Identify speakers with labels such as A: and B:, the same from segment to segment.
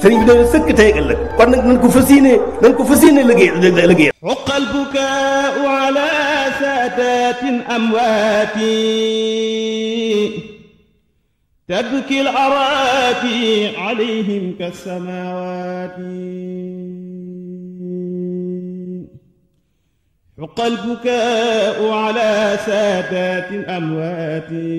A: sëriñ bi dana sëkk tey ak ëllëg kon nag nañ ko fas yéene nañ ko fas yéene liggéey liggéey uqal bukaau ala saadatin amwaati tabki al araati alayhim kasamawaati حق البكاء على سادات أمواتي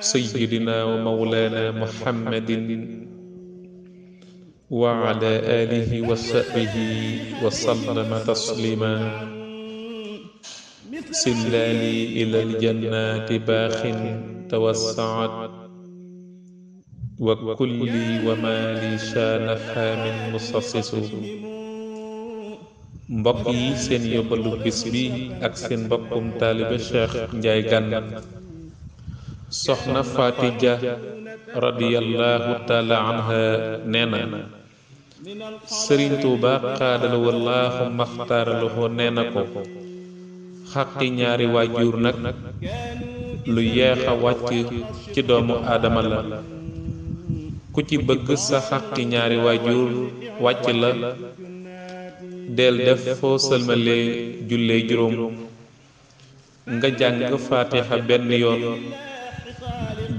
B: سيدنا ومولانا محمد وعلى آله وصحبه وسلم تسليما سلالي إلى الجنات باخ توسعت وكلي وما لي شانها من مصصص mbokk yi seen yóbbalu bis bi ak seen mbokkum taaliba Cheikh Ndiaye Gana soxna Fatija radiyallahu taala nee na sëriñ tuuba xaadala wallaahu maxtaaralahu nee na ko xaqi ñaari waajur nag lu yeex a wàcc ci doomu aadama la ku ci bëgg sa xaqi ñaari waajur wàcc la del def foo sëlmalee jullee juróom nga jàng faatiha benn yoon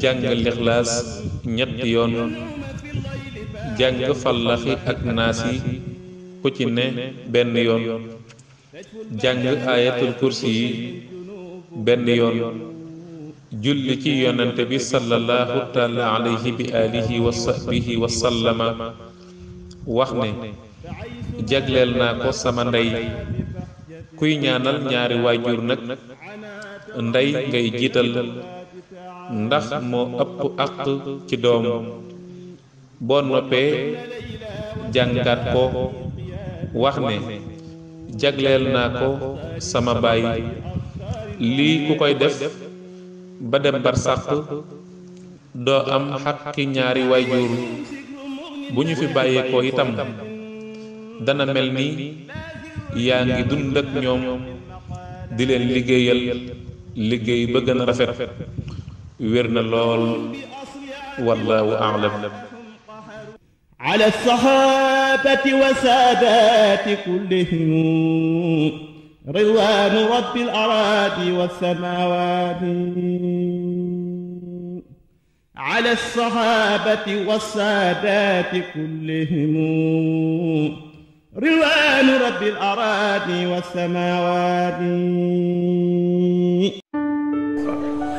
B: jàng lixlaas ñetti yoon jàng fallaxi ak naas ku ci ne benn yoon jàng ayatul kursi yi benn yoon julli ci yonante bi sallallahu taala alayhi bi alihi wa sahbihi wa wax ne jagleel naa ko sama ndey kuy ñaanal ñaari waajur nag ndey ngay jiital ndax moo ëpp àq ci doom boo noppee jàngat ko wax ne jagleel naa ko sama baay lii ku koy def ba dem barsàq doo am xaqi ñaari waajur bu ñu fi bàyyeekoo itam dana mel ni yaa ngi dund ak ñoom di leen liggéeyal liggéey ba gën a rafet wér na lool wallaahu a'lam
A: ala saxaabati wa saadaati kullihim ridwaanu rabbil araadi wa samaawaati على الصحابة والسادات كلهم رضوان رب الأراضي والسماوات